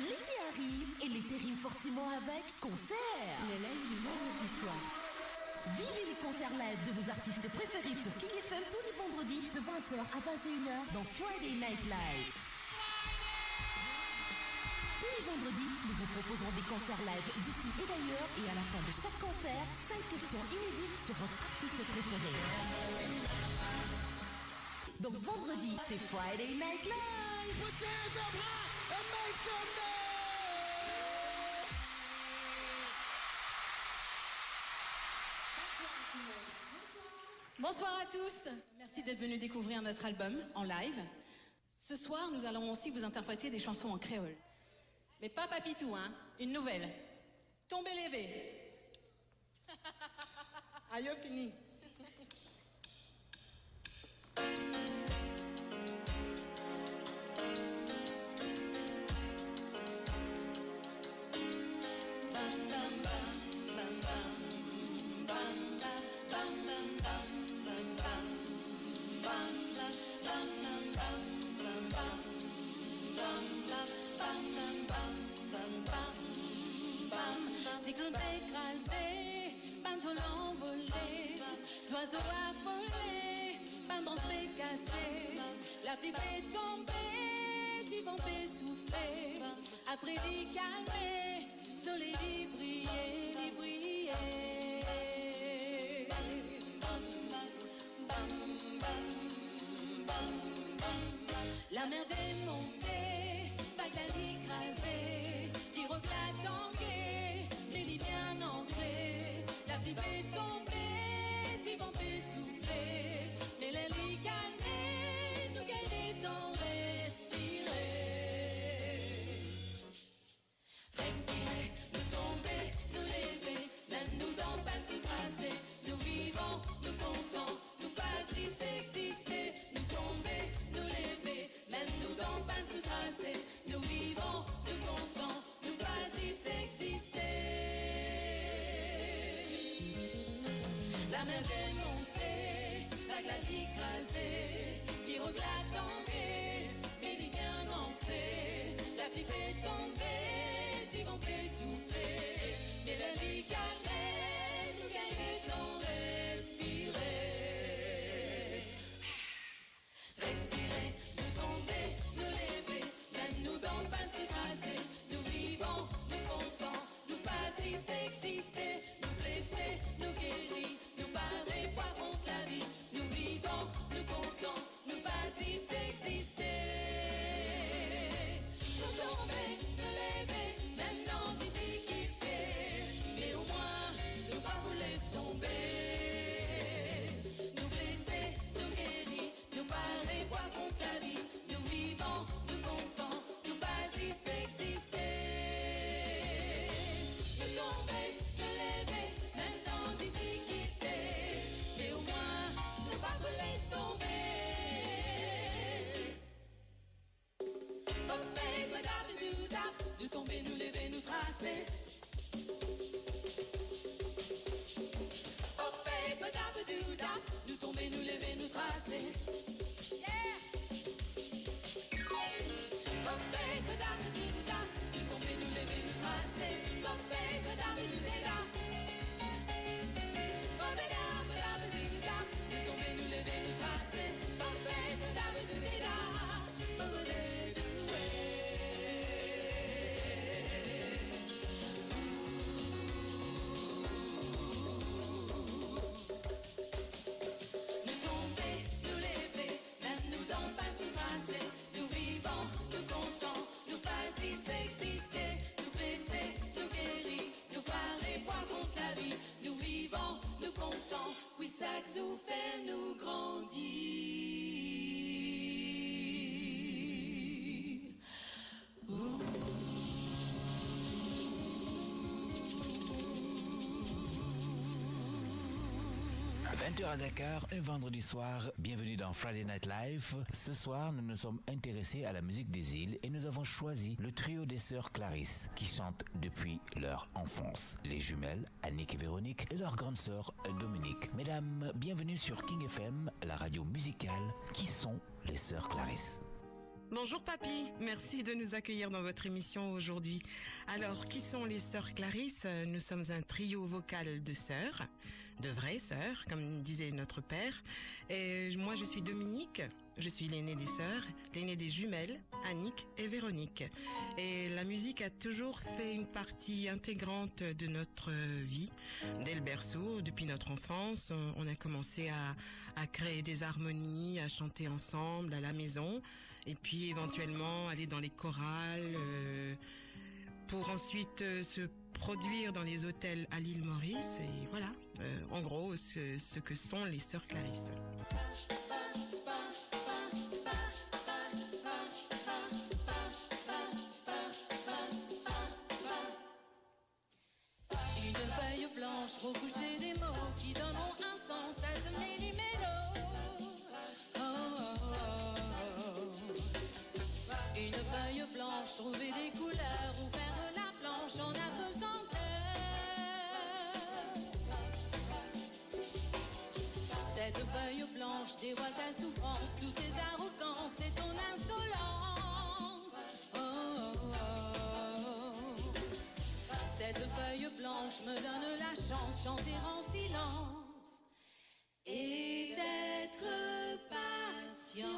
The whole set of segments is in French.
L'été arrive et les rime forcément avec concert. Les du Vivez les concerts live de vos artistes préférés sur King FM tous les vendredis de 20h à 21h dans Friday Night Live. Tous les vendredis, nous vous proposons des concerts live d'ici et d'ailleurs et à la fin de chaque concert, 5 questions inédites sur votre artiste préféré. Donc vendredi, c'est Friday Night Live. Bonsoir à tous. Merci d'être venus découvrir notre album en live. Ce soir, nous allons aussi vous interpréter des chansons en créole. Mais pas Papitou, hein. Une nouvelle. Tombez levé. Aïe, fini. Cyclone écrasé, l'envolé, volé, a la vie est tombée, tu vent fait souffler. Après dit calmer, soleil dit briller, dit briller. La mer démontée, Qui écrasée, la les lits bien ancrés La Bible est tombée, tu vent fait souffler calmer, nous gagner ton respirer. Respirer, nous tomber, nous lever, même nous dans pas nous tracer. Nous vivons, nous comptons, nous pas exister. Nous tomber, nous lever, même nous dans pas nous tracer. Nous vivons, nous comptons, nous pas exister. La main démontée. La Zaglad écrasé, Hirogla tombé, Béli bien ancré, la pipe est tombée, Divan soufflé, Mélanie calée. 20h à Dakar, un vendredi soir. Bienvenue dans Friday Night Live. Ce soir, nous nous sommes intéressés à la musique des îles et nous avons choisi le trio des sœurs Clarisse qui chantent depuis leur enfance. Les jumelles, Annick et Véronique, et leur grande sœur, Dominique. Mesdames, bienvenue sur King FM, la radio musicale qui sont les sœurs Clarisse. Bonjour papy, merci de nous accueillir dans votre émission aujourd'hui. Alors, qui sont les sœurs Clarisse Nous sommes un trio vocal de sœurs, de vraies sœurs, comme disait notre père. Et moi, je suis Dominique, je suis l'aînée des sœurs, l'aînée des jumelles, Annick et Véronique. Et la musique a toujours fait une partie intégrante de notre vie. Dès le berceau, depuis notre enfance, on a commencé à, à créer des harmonies, à chanter ensemble à la maison et puis éventuellement aller dans les chorales euh, pour ensuite euh, se produire dans les hôtels à l'île Maurice et voilà, euh, en gros ce, que sont les sœurs Clarisse. Une feuille blanche, des mots qui donneront un sens à trouver des couleurs ou faire la planche en apesanteur. Cette feuille blanche dévoile ta souffrance, toutes tes arrogances et ton insolence. Oh, oh, oh. Cette feuille blanche me donne la chance de chanter en silence et d'être patient.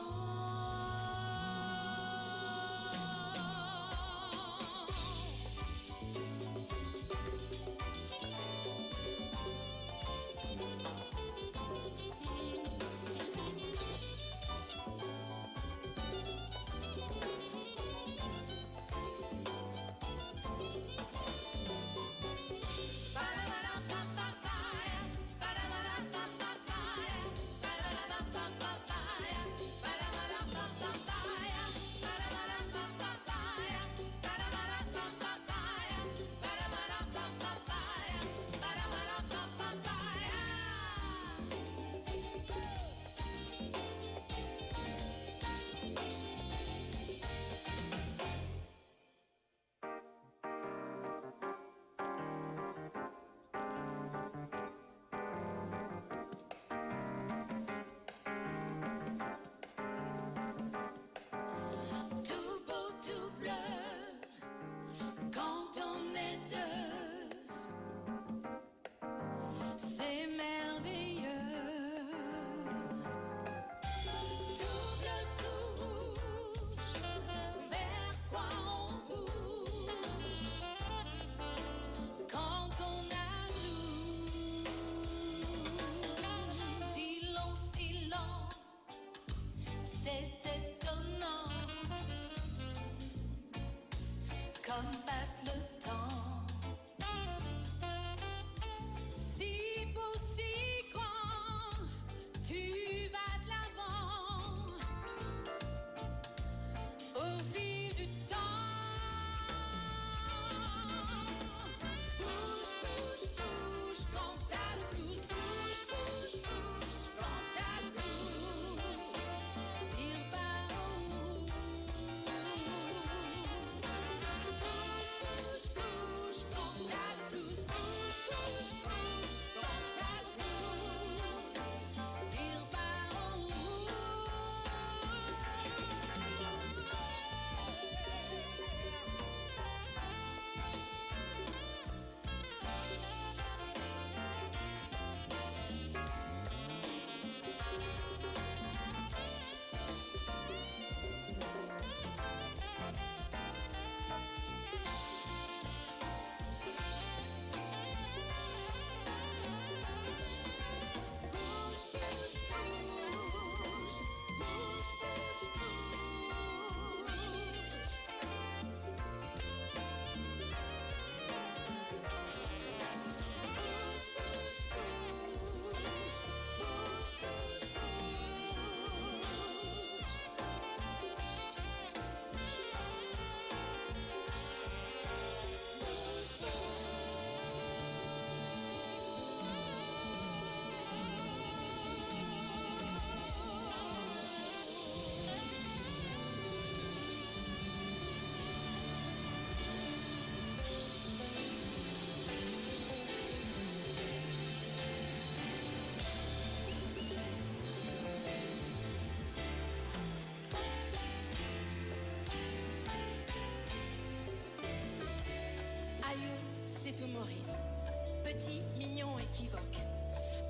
Petit, mignon, équivoque.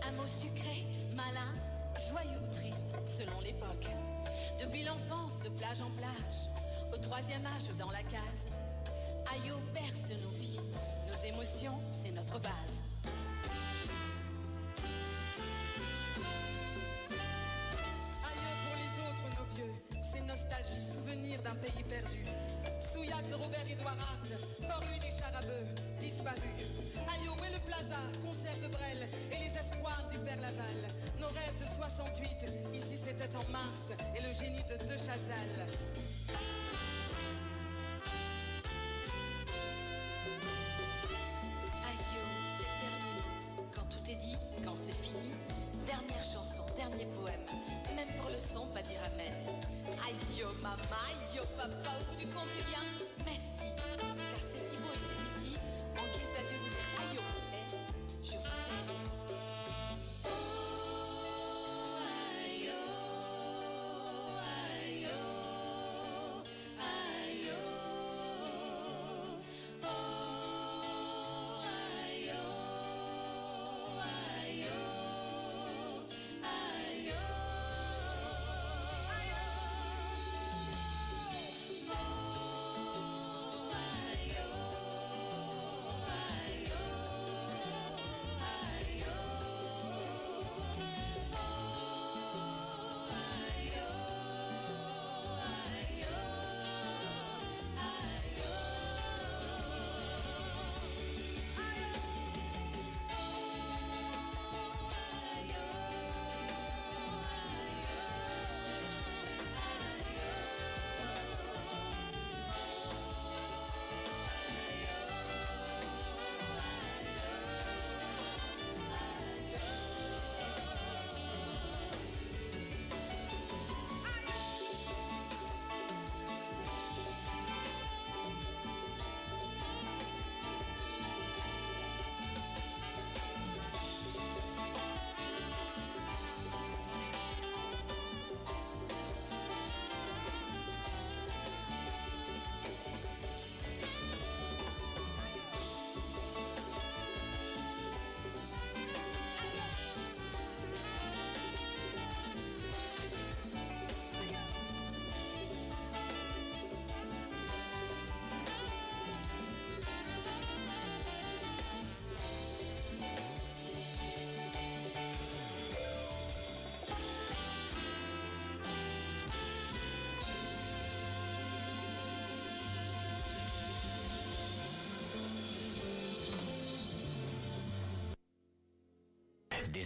Un mot sucré, malin, joyeux triste, selon l'époque. Depuis l'enfance, de plage en plage, au troisième âge dans la case. Ayo perce nos vies, nos émotions, c'est notre base. Nos rêves de 68, ici c'était en mars, et le génie de De Chazal.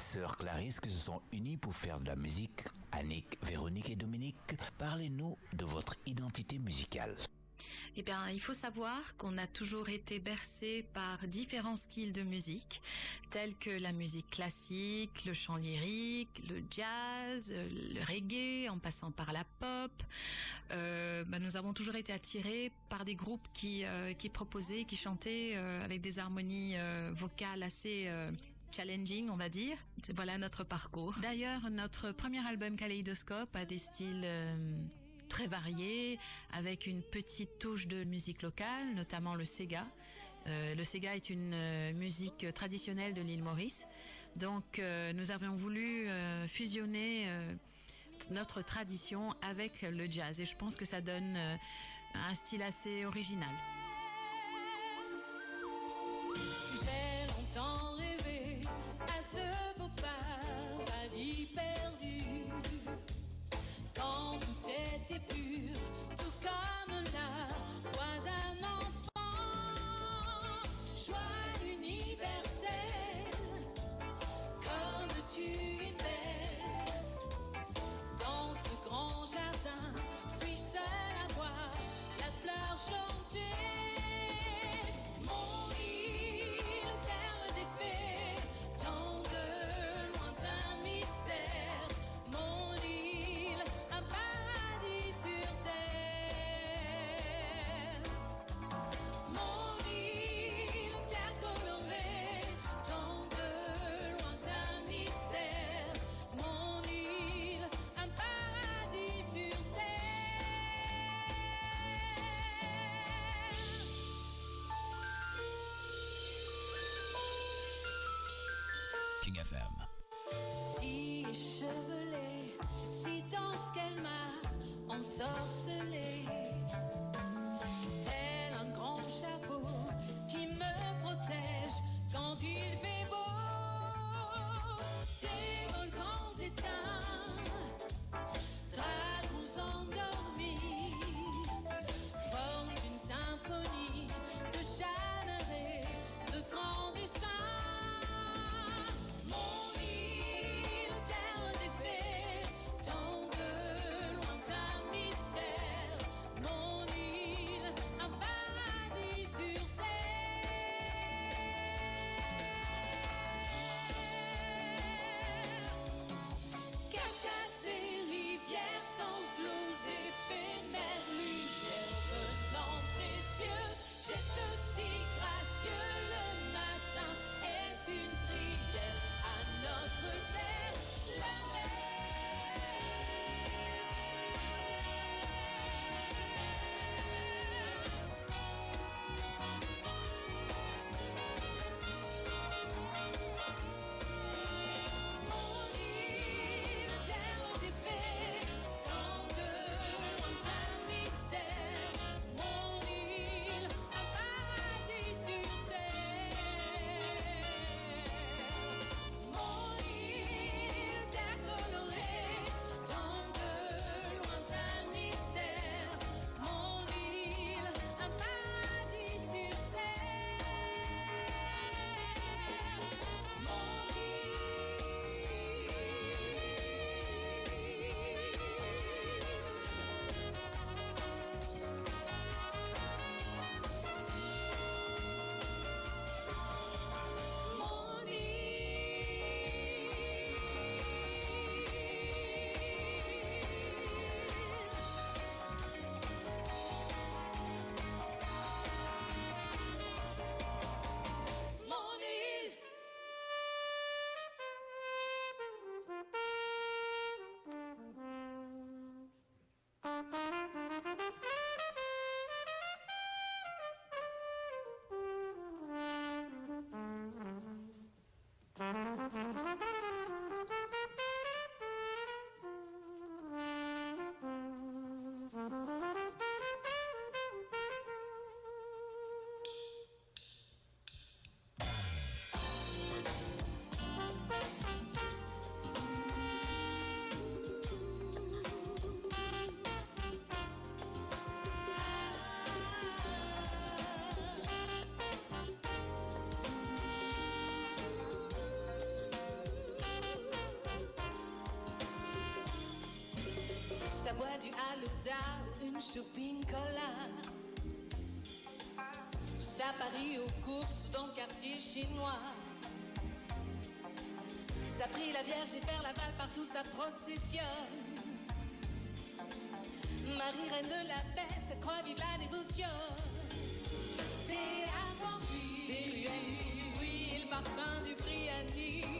sœurs Clarisse qui se sont unies pour faire de la musique. Annick, Véronique et Dominique, parlez-nous de votre identité musicale. Eh bien, il faut savoir qu'on a toujours été bercé par différents styles de musique, tels que la musique classique, le chant lyrique, le jazz, le reggae, en passant par la pop. Euh, ben, nous avons toujours été attirés par des groupes qui, euh, qui proposaient, qui chantaient euh, avec des harmonies vocales assez challenging, on va dire. Voilà notre parcours. D'ailleurs, notre premier album Kaleidoscope a des styles euh, très variés, avec une petite touche de musique locale, notamment le Sega. Euh, le Sega est une euh, musique traditionnelle de l'île Maurice. Donc, nous avions voulu fusionner notre tradition avec le jazz et je pense que ça donne un style assez original. pur, tout comme la voix d'un enfant. Joie universelle, comme tu es belle. Dans ce grand jardin, suis-je seule à voir la fleur chanter? du le ou une shopping cola. Ça parie aux courses dans le quartier chinois. Ça prie la Vierge et perd la balle partout, ça processionne. Marie, reine de la paix, ça croit vive la dévotion. C'est avant lui, t'es oui, oui, le parfum du Briani.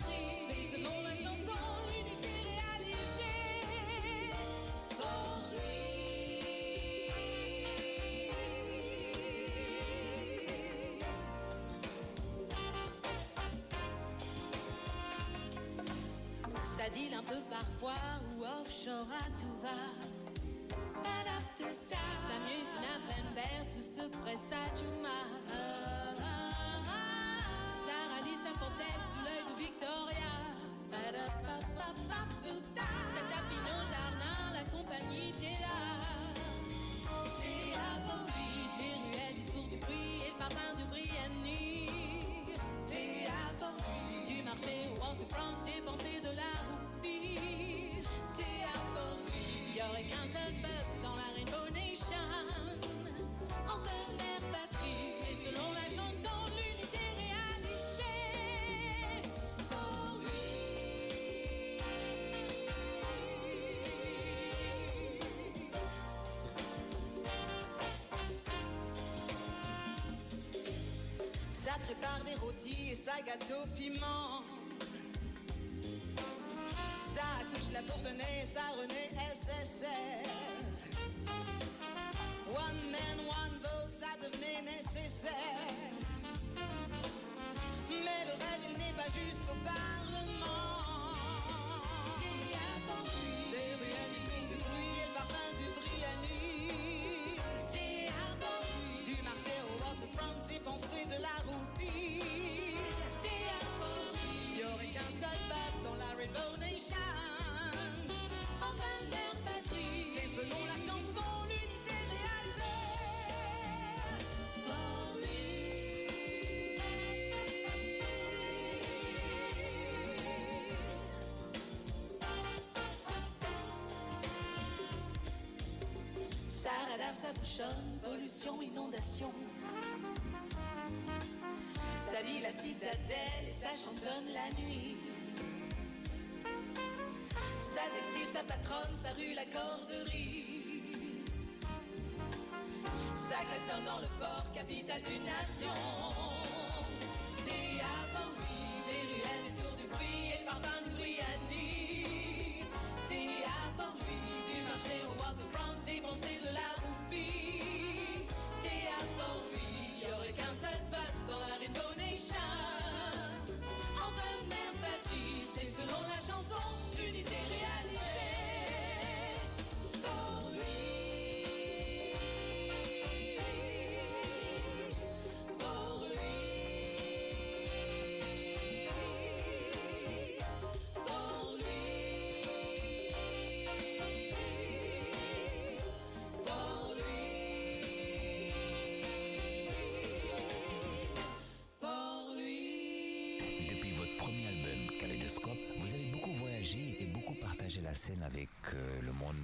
ou offshore à tout va. ta s'amuse à pleine verre, tout se presse à Juma. Sarah sa s'importesse sous l'œil de Victoria. C'est dans le Jardin, la compagnie t'es là. T'es à Bambi, t'es ruelles, des tours du bruit et le parfum de Brienne. T'es à du marché au waterfront, tes pensées de la il Y aurait qu'un seul peuple dans la Rainbow Nation. enfin mère patrie, c'est selon la chanson l'unité réalisée. Pour oh lui. Ça prépare des rôtis et ça gâteau piment. je la donnée, ça renaît SSR. One man, one vote, ça devenait nécessaire. Mais le rêve, il n'est pas juste au Parlement. bouchonne, pollution, inondation. Ça la citadelle et ça chantonne la nuit. Ça textile, sa patronne, sa rue, la corderie. Ça klaxonne dans le port, capitale d'une nation. Diable, des ruelles, des tours du bruit et le parfum de Briani. Des oui, du marché au waterfront, pensées de la i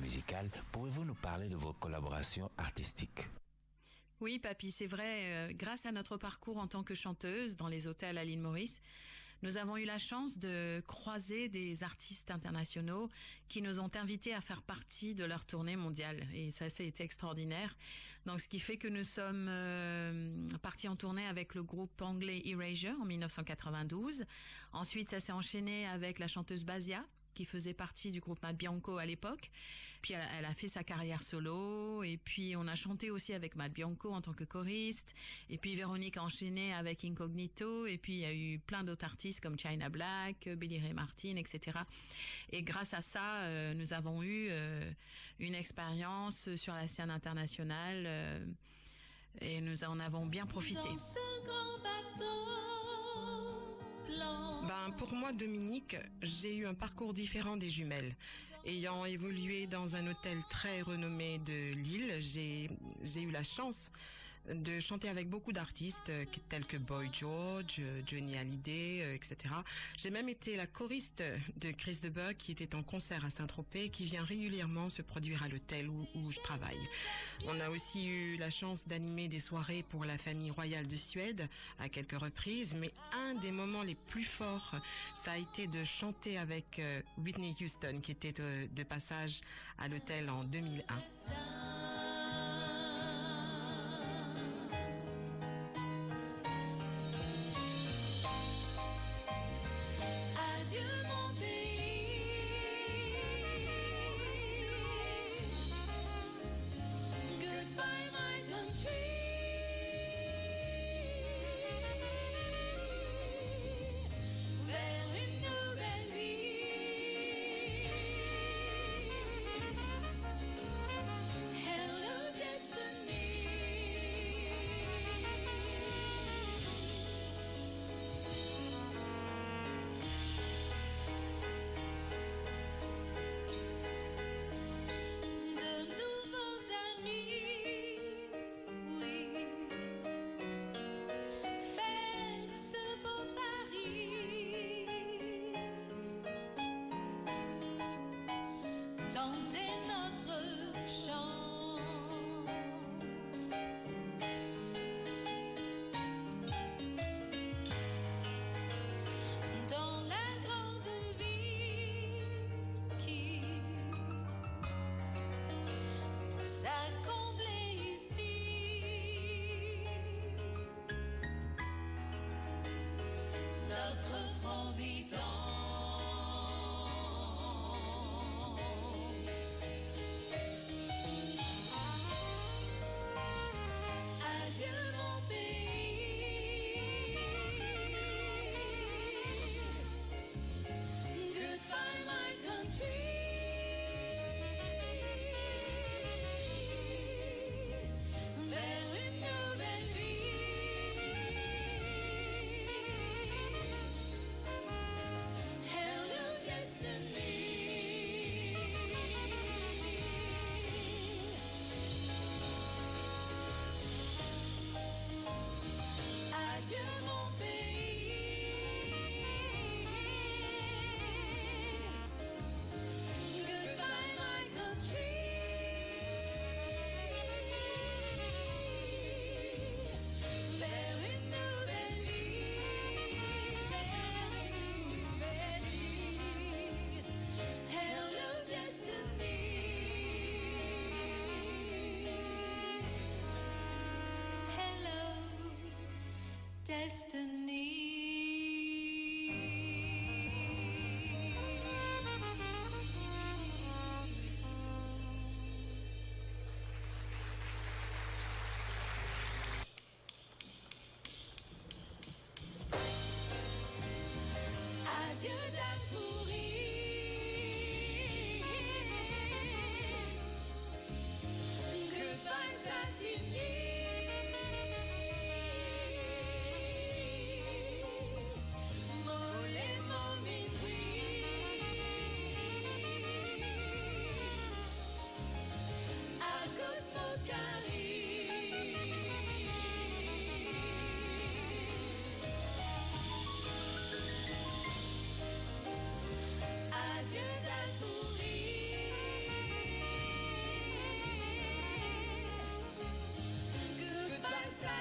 musicale, pouvez-vous nous parler de vos collaborations artistiques oui, papy, c'est vrai. Euh, grâce à notre parcours en tant que chanteuse dans les hôtels à l'île Maurice, nous avons eu la chance de croiser des artistes internationaux qui nous ont invités à faire partie de leur tournée mondiale. Et ça, c'est extraordinaire. Donc, ce qui fait que nous sommes euh, partis en tournée avec le groupe anglais Erasure en 1992. Ensuite, ça s'est enchaîné avec la chanteuse Basia qui faisait partie du groupe Matt Bianco à l'époque. Puis elle, a fait sa carrière solo et puis on a chanté aussi avec Matt Bianco en tant que choriste. Et puis Véronique a enchaîné avec Incognito et puis il y a eu plein d'autres artistes comme China Black, Billy Ray Martin, etc. Et grâce à ça, euh, nous avons eu euh, une expérience sur la scène internationale euh, et nous en avons bien profité. Ben, pour moi, Dominique, j'ai eu un parcours différent des jumelles. Ayant évolué dans un hôtel très renommé de Lille, j'ai eu la chance de chanter avec beaucoup d'artistes euh, tels que Boy George, euh, Johnny Hallyday, euh, etc. J'ai même été la choriste de Chris debuck qui était en concert à Saint-Tropez qui vient régulièrement se produire à l'hôtel où, je travaille. On a aussi eu la chance d'animer des soirées pour la famille royale de Suède à quelques reprises, mais un des moments les plus forts, ça a été de chanter avec Whitney Houston qui était de passage à l'hôtel en 2001. You. continue.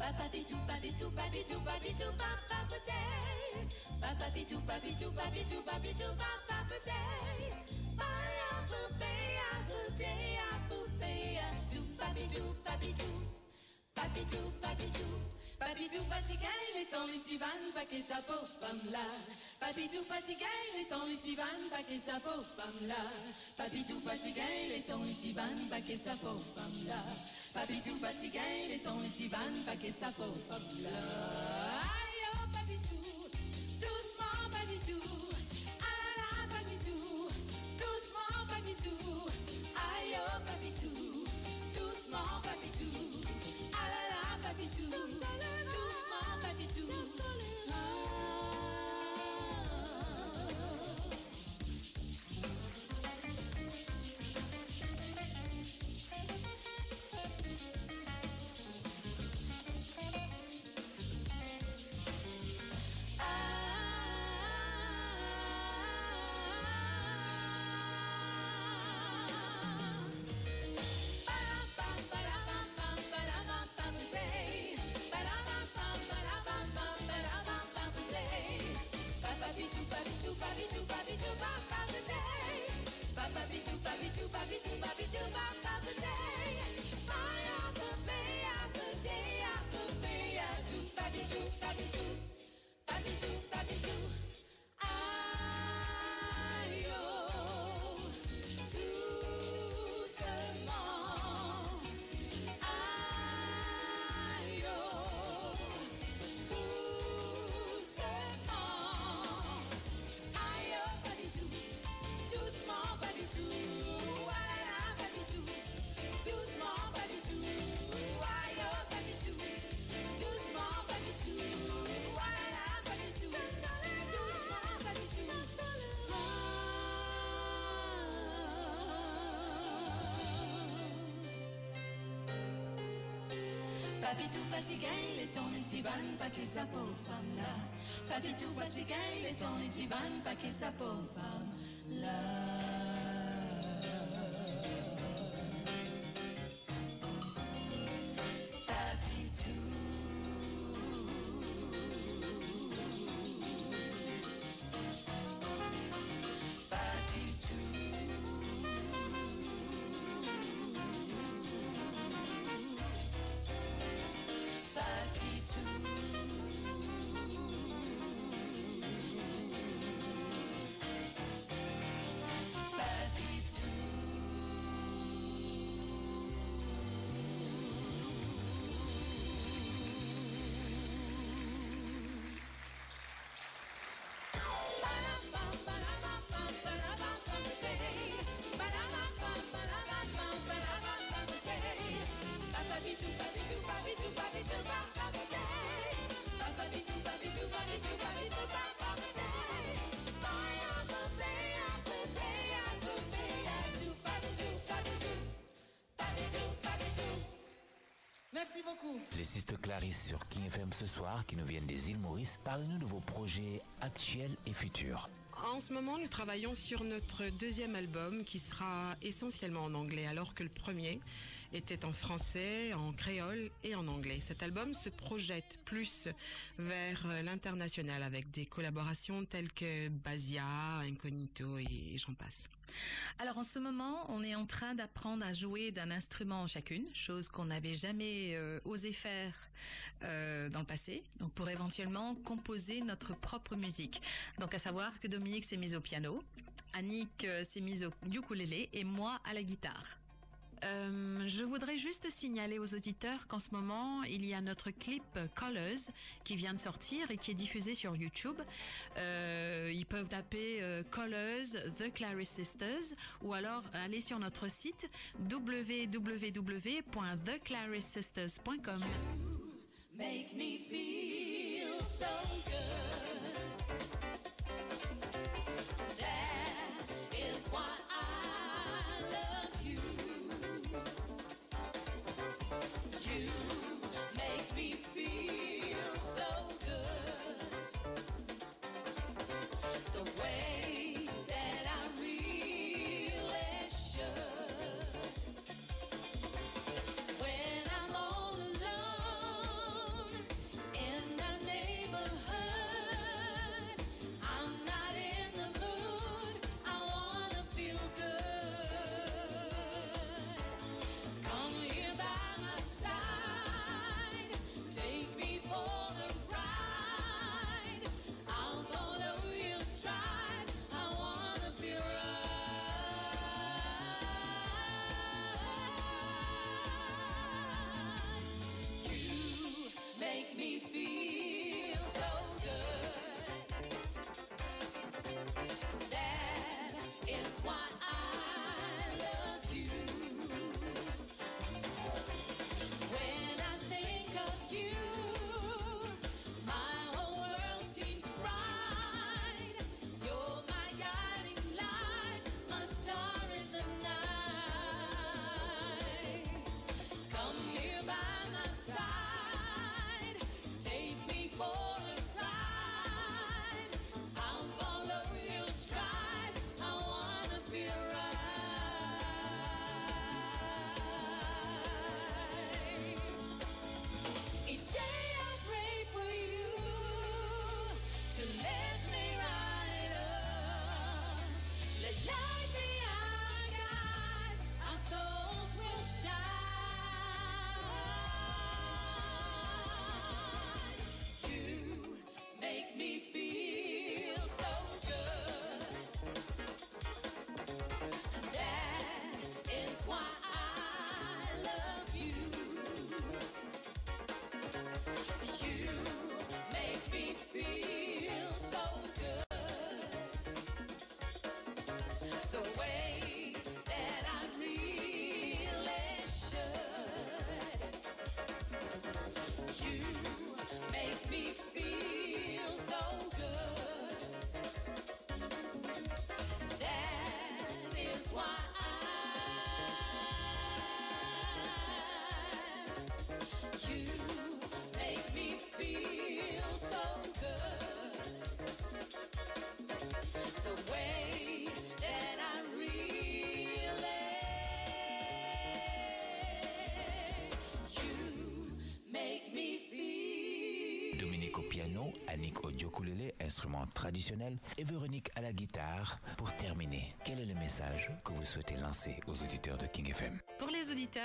Papa bitou, papitou, papitou, papitou, papa bouteille. Papa bitou, papitou, papitou, papitou, papa bouteille. Paya poupée, à bouteille, à poupée, à tout, papitou, papitou. Papitou, papitou. Papitou, patiga, il est temps, l'utivan, paquet sa pauvre femme là. Papitou, patiga, il est temps, l'utivan, paquet sa pauvre femme là. Papitou, patiga, il est temps, l'utivan, paquet sa pauvre femme là. Papitou, patigain, les tons, les tibans, paquet, sa ça pour Aïe, oh, papitou, doucement, papitou. Ah là papitou, doucement, papitou. Aïe, oh, papitou, doucement, papitou. Papi, Papitou Patigan, il est ton étivan, pas qui sa pauvre femme là. Papi, Papitou Patigan, il est ton étivan, pas qui sa pauvre femme. les Clarisse sur King FM ce soir qui nous viennent des îles Maurice. Parlez-nous de vos projets actuels et futurs. En ce moment, nous travaillons sur notre deuxième album qui sera essentiellement en anglais alors que le premier était en français, en créole et en anglais. Cet album se projette plus vers l'international avec des collaborations telles que Basia, Incognito et j'en passe. Alors en ce moment, on est en train d'apprendre à jouer d'un instrument chacune, chose qu'on n'avait jamais euh, osé faire euh, dans le passé, pour éventuellement composer notre propre musique. Donc à savoir que Dominique s'est mise au piano, Annick euh, s'est mise au ukulélé et moi à la guitare. Euh, je voudrais juste signaler aux auditeurs qu'en ce moment, il y a notre clip Colors qui vient de sortir et qui est diffusé sur YouTube. Euh, ils peuvent taper euh, Colors The Clarice Sisters ou alors aller sur notre site www.theclarissisters.com. Make me feel et Véronique à la guitare. Pour terminer, quel est le message que vous souhaitez lancer aux auditeurs de King FM Pour les auditeurs,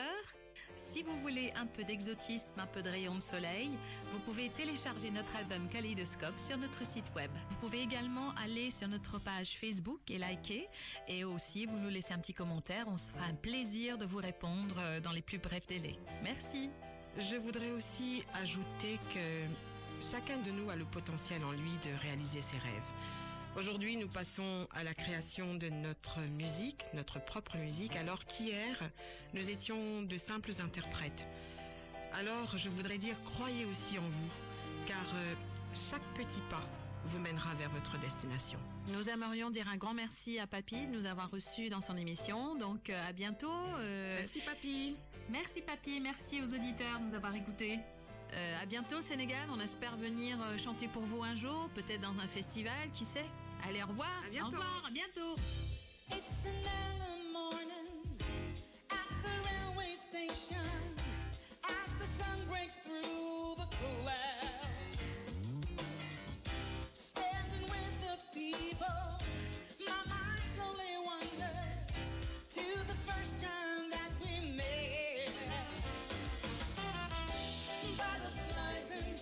si vous voulez un peu d'exotisme, un peu de rayon de soleil, vous pouvez télécharger notre album Kaleidoscope sur notre site web. Vous pouvez également aller sur notre page Facebook et liker. Et aussi, vous nous laissez un petit commentaire. On sera fera un plaisir de vous répondre euh, dans les plus brefs délais. Merci. Je voudrais aussi ajouter que chacun de nous a le potentiel en lui de réaliser ses rêves. Aujourd'hui, nous passons à la création de notre musique, notre propre musique, alors qu'hier, nous étions de simples interprètes. Alors, je voudrais dire, croyez aussi en vous, car euh, chaque petit pas vous mènera vers votre destination. Nous aimerions dire un grand merci à Papy de nous avoir reçus dans son émission. Donc, euh, à bientôt. Euh. Merci Papy. Merci Papy, merci aux auditeurs de nous avoir écoutés. Euh, à bientôt Sénégal, on espère venir euh, chanter pour vous un jour, peut-être dans un festival, qui sait. Allez, au revoir. À bientôt. Au revoir, à bientôt. It's an early morning at the railway station as the sun breaks through the clouds. Standing with the people, my mind slowly wanders to the first time that we made.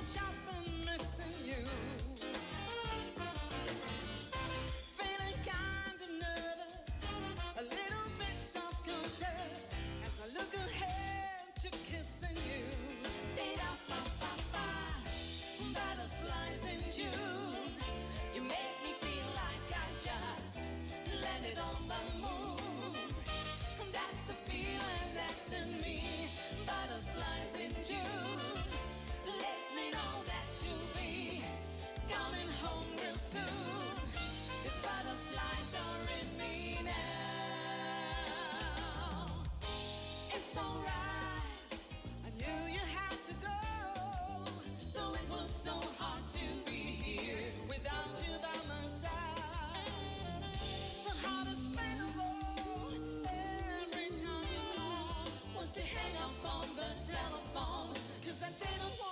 missing you. Feeling kind of nervous, a little bit self conscious as I look ahead to kissing you. Butterflies in June, you make me feel like I just landed on the moon. That's the feeling that's in me. Butterflies in June. home real soon. This butterfly's are in me now. It's alright, I knew you had to go. Though it was so hard to be here without you by my side. The hardest thing of all, every time you call, was to hang up on the telephone. Cause I didn't want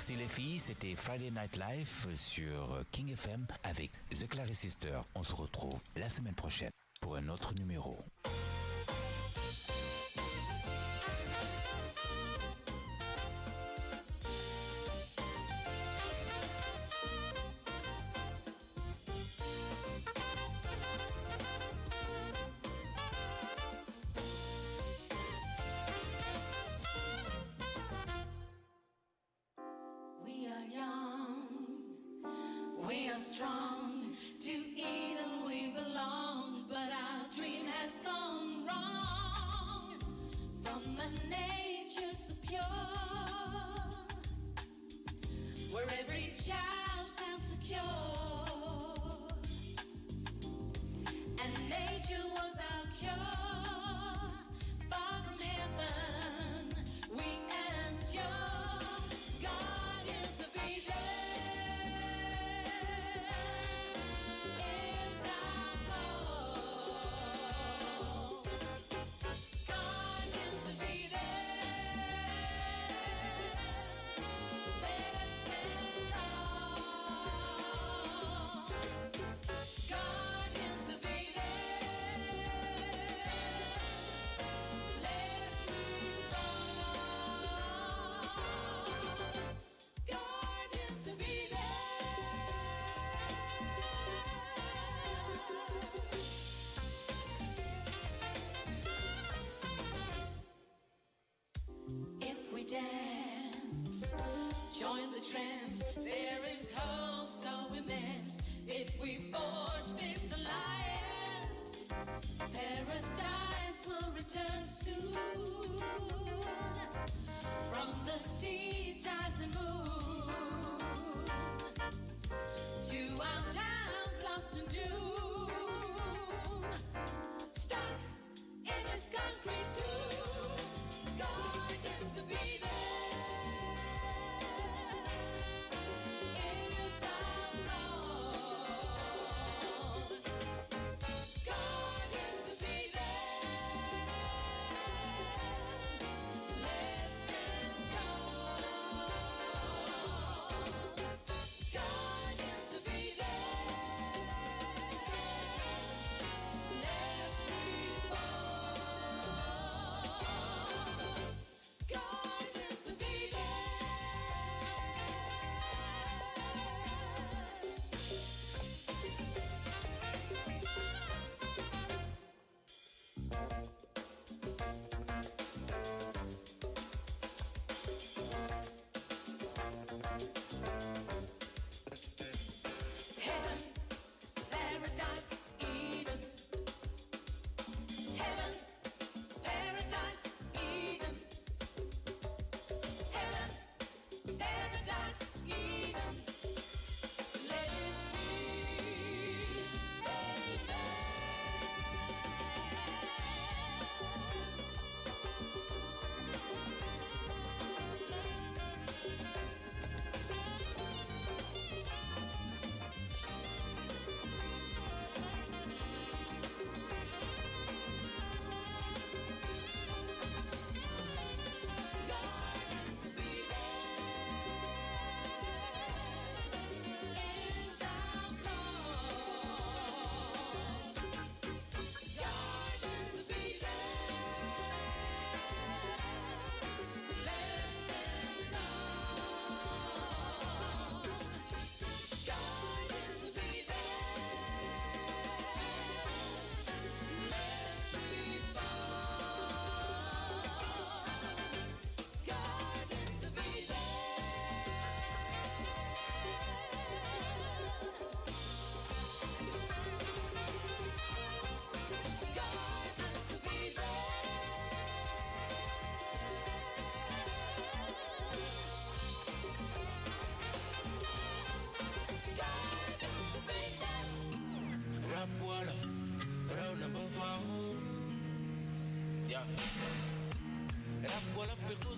Merci les filles, c'était Friday Night Live sur King FM avec The Clary Sister. On se retrouve la semaine prochaine pour un autre numéro. cure, and nature was our cure. dance. Join the trance, there is hope so immense. If we forge this alliance, paradise will return soon. From the sea tides and moon.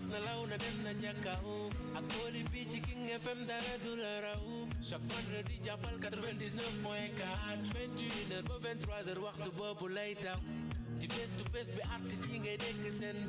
mës na law na dem na ca kaw ak booli bi ci King FM dara du la raw chaque vendredi jàppal 99 point 4 21h ba 23h waxtu boobu lay daw di face to face bi artiste yi ngay dégg seen